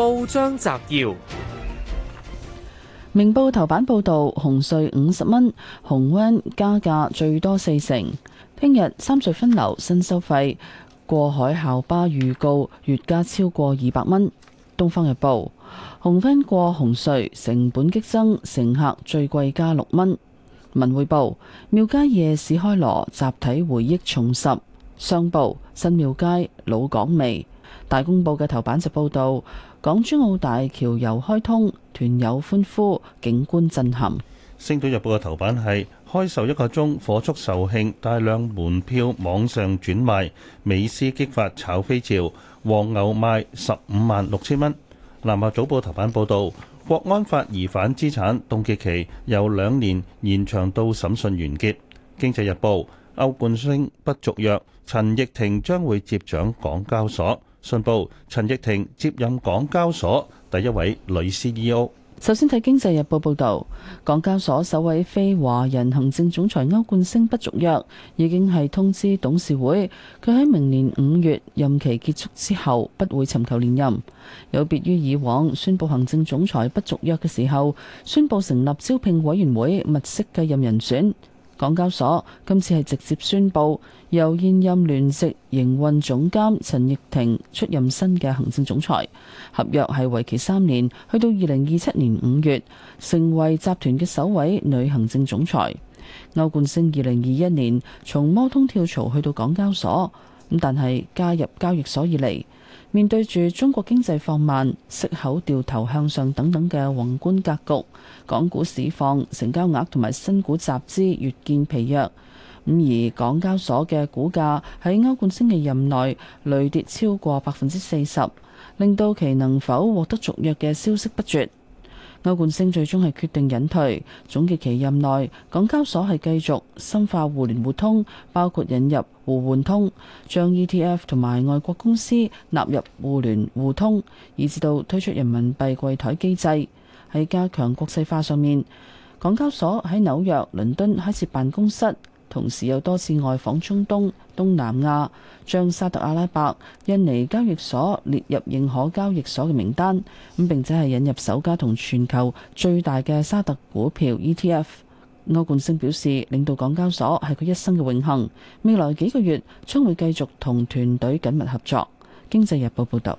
報章摘要：明報頭版報道，紅隧五十蚊，紅 van 加價最多四成。聽日三隧分流新收費，過海校巴預告月加超過二百蚊。東方日報，紅 van 過紅隧成本激增，乘客最貴加六蚊。文匯報，廟街夜市開鑼，集體回憶重拾。商報，新廟街老港味。大公報嘅頭版就報道。港珠澳大橋又開通，團友歡呼，景觀震撼。星島日報嘅頭版係開售一個鐘，火速售罄，大量門票網上轉賣，美斯激發炒飛潮，黃牛賣十五萬六千蚊。南華早報頭版報道，國安法疑犯資產凍結期由兩年延長到審訊完結。經濟日報，歐冠星不續約，陳翊庭將會接掌港交所。信報陳逸婷接任港交所第一位女 CEO。首先睇經濟日報報道，港交所首位非華人行政總裁歐冠升不續約，已經係通知董事會，佢喺明年五月任期結束之後，不會尋求連任。有別於以往宣布行政總裁不續約嘅時候，宣布成立招聘委員會物色繼任人選。港交所今次係直接宣布由現任聯席營運總監陳奕婷出任新嘅行政總裁，合約係為期三年，去到二零二七年五月，成為集團嘅首位女行政總裁。歐冠星二零二一年從摩通跳槽去到港交所，咁但係加入交易所以嚟，面對住中國經濟放慢，息口掉頭向上等等嘅宏觀格局，港股市況成交額同埋新股集資越見疲弱，咁而港交所嘅股價喺歐冠昇任內累跌超過百分之四十，令到其能否獲得續約嘅消息不絕。歐冠星最終係決定引退。總結其任內，港交所係繼續深化互聯互通，包括引入互換通，將 ETF 同埋外國公司納入互聯互通，以至到推出人民幣櫃台機制。喺加強國際化上面，港交所喺紐約、倫敦開設辦公室。同時又多次外訪中東、東南亞，將沙特阿拉伯、印尼交易所列入認可交易所嘅名單，咁並且係引入首家同全球最大嘅沙特股票 ETF。歐冠昇表示，領導港交所係佢一生嘅榮幸，未來幾個月將會繼續同團隊緊密合作。經濟日報報道。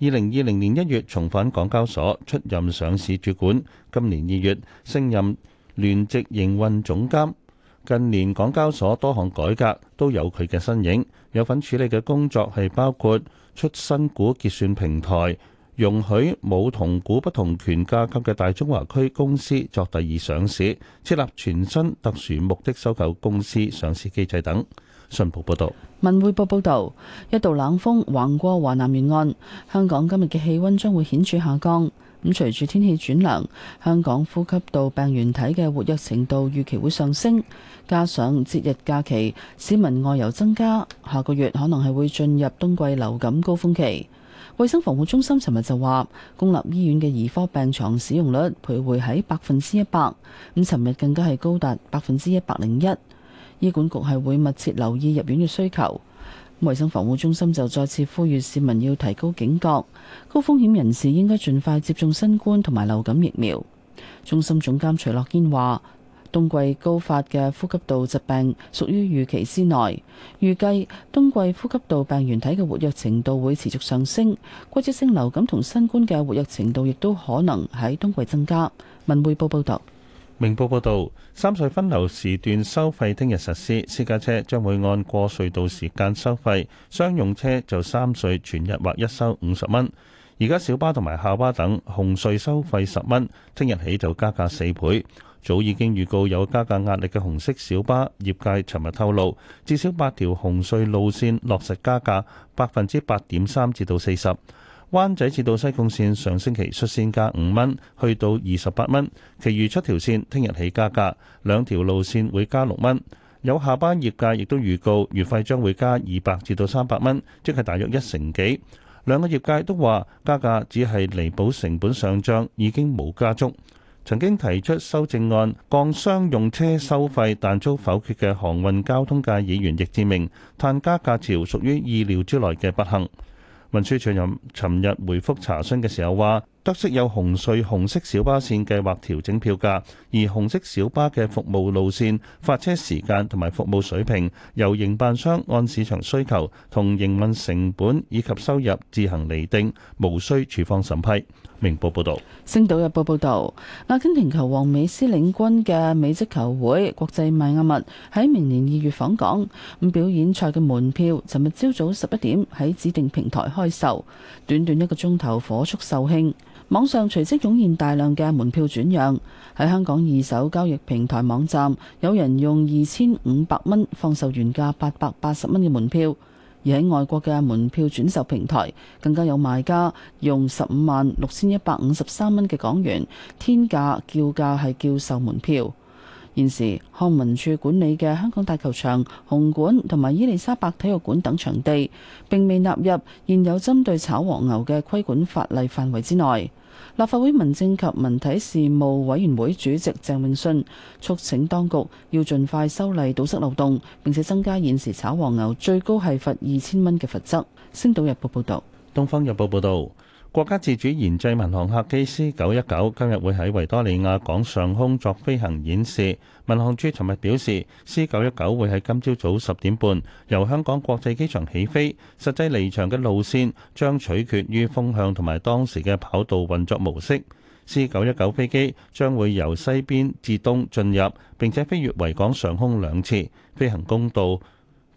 二零二零年一月重返港交所出任上市主管，今年二月升任聯席營運總監。近年港交所多項改革都有佢嘅身影，有份處理嘅工作係包括出新股結算平台，容許冇同股不同權架構嘅大中華區公司作第二上市，設立全新特殊目的收購公司上市機制等。信報報道。文匯報報道：一道冷風橫過華南沿岸，香港今日嘅氣温將會顯著下降。咁隨住天氣轉涼，香港呼吸道病原體嘅活躍程度預期會上升，加上節日假期，市民外遊增加，下個月可能係會進入冬季流感高峰期。衛生防護中心尋日就話，公立醫院嘅兒科病床使用率徘徊喺百分之一百，咁尋日更加係高達百分之一百零一。醫管局係會密切留意入院嘅需求，衛生防護中心就再次呼籲市民要提高警覺，高風險人士應該盡快接種新冠同埋流感疫苗。中心總監徐樂堅話，冬季高發嘅呼吸道疾病屬於預期之內，預計冬季呼吸道病原體嘅活躍程度會持續上升，季節性流感同新冠嘅活躍程度亦都可能喺冬季增加。文匯報報道。明報報導，三隧分流時段收費聽日實施，私家車將會按過隧道時間收費，商用車就三隧全日劃一收五十蚊。而家小巴同埋校巴等紅隧收費十蚊，聽日起就加價四倍。早已經預告有加價壓力嘅紅色小巴，業界尋日透露，至少八條紅隧路線落實加價百分之八點三至到四十。灣仔至到西貢線上星期率先加五蚊，去到二十八蚊。其餘七條線聽日起加價，兩條路線會加六蚊。有下班業界亦都預告，月費將會加二百至到三百蚊，即係大約一成幾。兩個業界都話加價只係彌補成本上漲，已經冇加足。曾經提出修正案降商用車收費，但遭否決嘅航運交通界議員易志明，嘆加價潮屬於意料之內嘅不幸。文書主任尋日回覆查詢嘅時候話，得悉有紅隧紅色小巴線計劃調整票價，而紅色小巴嘅服務路線、發車時間同埋服務水平，由營辦商按市場需求同營運成本以及收入自行釐定，無需處方審批。明報報導。《星島日報》報導，阿根廷球王美斯領軍嘅美職球會國際邁阿密喺明年二月訪港，咁表演賽嘅門票，尋日朝早十一點喺指定平台開售，短短一個鐘頭火速售罄。網上隨即湧現大量嘅門票轉讓，喺香港二手交易平台網站，有人用二千五百蚊放售原價八百八十蚊嘅門票；而喺外國嘅門票轉售平台，更加有賣家用十五萬六千一百五十三蚊嘅港元天價叫價係叫售門票。現時康文署管理嘅香港大球場、紅館同埋伊麗莎白體育館等場地，並未納入現有針對炒黃牛嘅規管法例範圍之內。立法會民政及文體事務委員會主席鄭永信促請當局要盡快修例堵塞漏洞，並且增加現時炒黃牛最高係罰二千蚊嘅罰則。星島日報報道。東方日報報導。國家自主研製民航客機 C919 今日會喺維多利亞港上空作飛行演示。民航處尋日表示，C919 會喺今朝早十點半由香港國際機場起飛，實際離場嘅路線將取決於風向同埋當時嘅跑道運作模式。C919 飛機將會由西邊至東進入，並且飛越維港上空兩次，飛行高度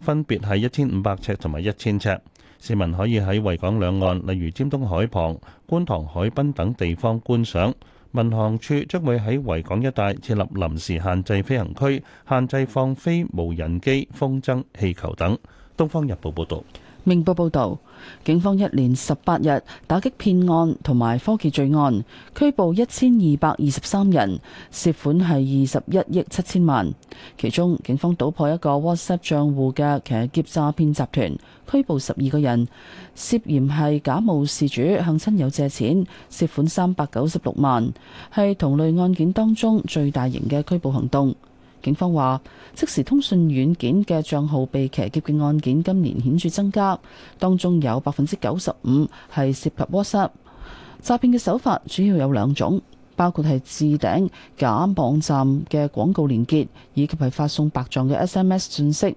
分別係一千五百尺同埋一千尺。市民可以喺維港兩岸，例如尖東海旁、觀塘海濱等地方觀賞。民航處將會喺維港一帶設立臨時限制飛行區，限制放飛無人機、風箏、氣球等。《東方日報》報導。明報報道，警方一連十八日打擊騙案同埋科技罪案，拘捕一千二百二十三人，涉款係二十一億七千萬。其中，警方搗破一個 WhatsApp 賬戶嘅騎劫詐騙集團，拘捕十二個人，涉嫌係假冒事主向親友借錢，涉款三百九十六萬，係同類案件當中最大型嘅拘捕行動。警方話，即時通訊軟件嘅帳號被騎劫嘅案件今年顯著增加，當中有百分之九十五係涉及 WhatsApp。詐騙嘅手法主要有兩種，包括係置頂假網站嘅廣告連結，以及係發送白撞嘅 SMS 訊息。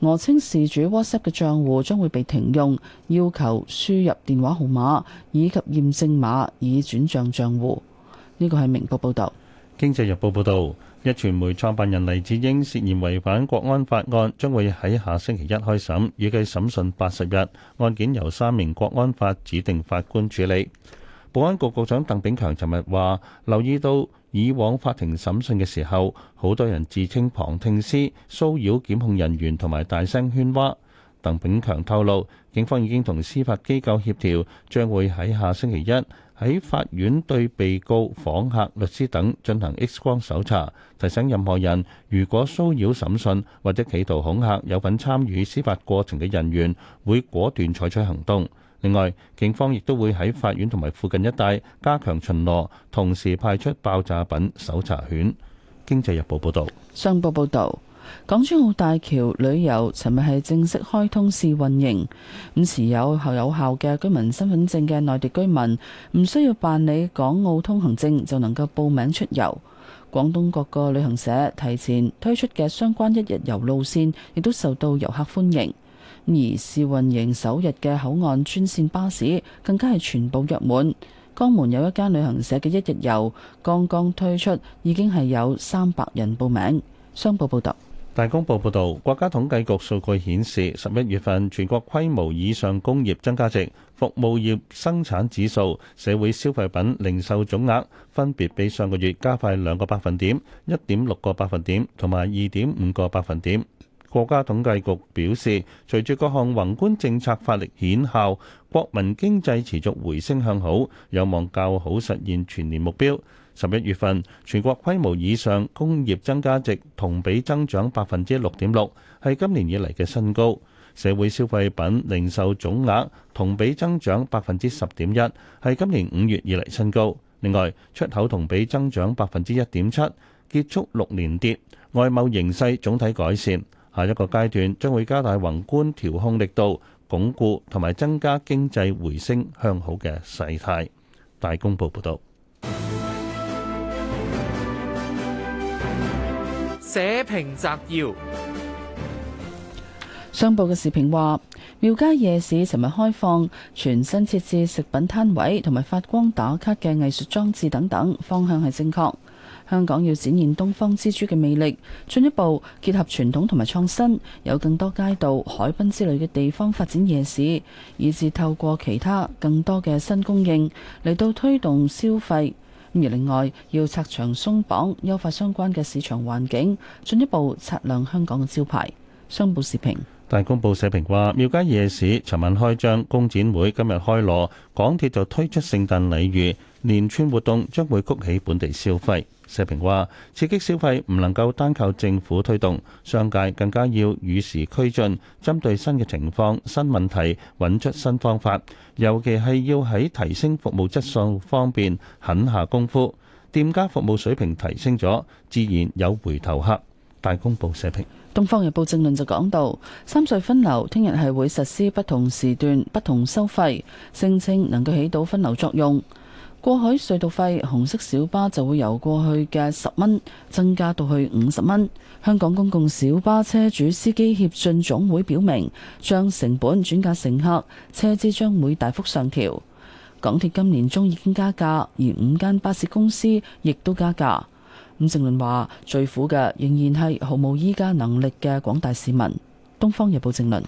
俄稱事主 WhatsApp 嘅賬戶將會被停用，要求輸入電話號碼以及驗證碼以轉賬賬戶。呢個係明報報導，《經濟日報》報導。一傳媒創辦人黎智英涉嫌違反國安法案，將會喺下星期一開審，預計審訊八十日。案件由三名國安法指定法官處理。保安局局長鄧炳強尋日話：留意到以往法庭審訊嘅時候，好多人自稱旁聽師，騷擾檢控人員同埋大聲喧譁。鄧炳強透露，警方已經同司法機構協調，將會喺下星期一，喺法院對被告、訪客、律師等進行 X 光搜查，提醒任何人如果騷擾審訊或者企圖恐嚇有份參與司法過程嘅人員，會果斷採取行動。另外，警方亦都會喺法院同埋附近一帶加強巡邏，同時派出爆炸品搜查犬。經濟日報報道。商報報導。港珠澳大橋旅遊尋日係正式開通試運營，咁持有有效嘅居民身份證嘅內地居民唔需要辦理港澳通行證就能夠報名出遊。廣東各個旅行社提前推出嘅相關一日遊路線亦都受到遊客歡迎。而試運營首日嘅口岸專線巴士更加係全部約滿。江門有一間旅行社嘅一日遊剛剛推出，已經係有三百人報名。商報報道。大公報報導，國家統計局數據顯示，十一月份全國規模以上工業增加值、服務業生產指數、社會消費品零售總額分別比上個月加快兩個百分點、一點六個百分點，同埋二點五個百分點。國家統計局表示，隨住各項宏觀政策發力顯效，國民經濟持續回升向好，有望較好實現全年目標。十一月份全國規模以上工業增加值同比增長百分之六點六，係今年以嚟嘅新高；社會消費品零售總額同比增長百分之十點一，係今年五月以嚟新高。另外，出口同比增長百分之一點七，結束六年跌，外貿形勢總體改善。下一個階段將會加大宏觀調控力度，鞏固同埋增加經濟回升向好嘅勢態。大公報報道。社評摘要：商報嘅時評話：廟街夜市尋日開放，全新設置食品攤位同埋發光打卡嘅藝術裝置等等，方向係正確。香港要展現東方之珠嘅魅力，進一步結合傳統同埋創新，有更多街道、海濱之類嘅地方發展夜市，以至透過其他更多嘅新供應嚟到推動消費。而另外，要拆牆鬆綁，優化相關嘅市場環境，進一步擦亮香港嘅招牌。商報時評。大公報社評話：廟街夜市尋晚開張，工展會今日開鑼，港鐵就推出聖誕禮遇，連串活動將會谷起本地消費。社評話：刺激消費唔能夠單靠政府推動，商界更加要與時俱進，針對新嘅情況、新問題，揾出新方法。尤其係要喺提升服務質素方面狠下功夫，店家服務水平提升咗，自然有回頭客。大公報社評，《東方日報正論》就講到，三隧分流聽日係會實施不同時段不同收費，聲稱能夠起到分流作用。過海隧道費紅色小巴就會由過去嘅十蚊增加到去五十蚊。香港公共小巴車主司機協進總會表明，將成本轉嫁乘客，車資將會大幅上調。港鐵今年中已經加價，而五間巴士公司亦都加價。伍靜麟話：最苦嘅仍然係毫無依家能力嘅廣大市民。《東方日報》正論，《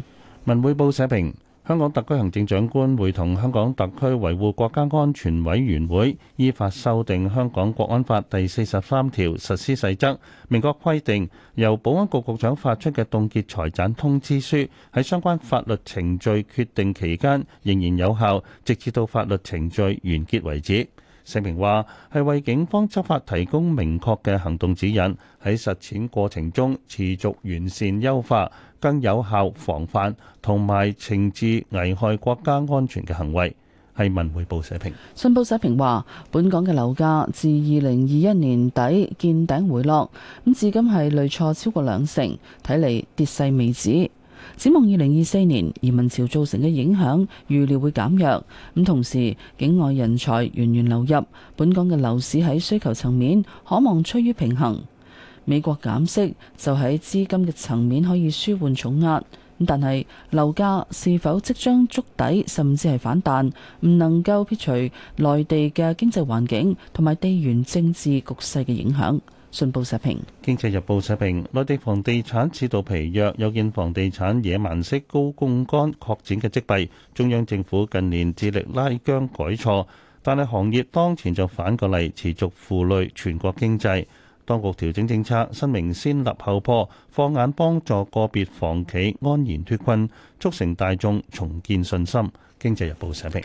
文匯報》社評：香港特區行政長官會同香港特區維護國家安全委員會依法修訂《香港國安法》第四十三條實施細則，明確規定由保安局局長發出嘅凍結財產通知書喺相關法律程序決定期間仍然有效，直至到法律程序完結為止。聲明話係為警方執法提供明確嘅行動指引，喺實踐過程中持續完善優化，更有效防範同埋懲治危害國家安全嘅行為。係文匯報社評。信報社評話，本港嘅樓價自二零二一年底見頂回落，咁至今係累挫超過兩成，睇嚟跌勢未止。展望二零二四年移民潮造成嘅影響，預料會減弱。咁同時，境外人才源源流入，本港嘅樓市喺需求層面可望趨於平衡。美國減息就喺資金嘅層面可以舒緩重壓。咁但係樓價是否即將觸底，甚至係反彈，唔能夠撇除內地嘅經濟環境同埋地緣政治局勢嘅影響。信報社評，《經濟日報》社評，內地房地產市道疲弱，有見房地產野蠻式高槓桿擴展嘅積弊，中央政府近年致力拉僵改錯，但係行業當前就反過嚟，持續負累全國經濟。當局調整政策，申明先立後破，放眼幫助個別房企安然脫困，促成大眾重建信心。《經濟日報》社評。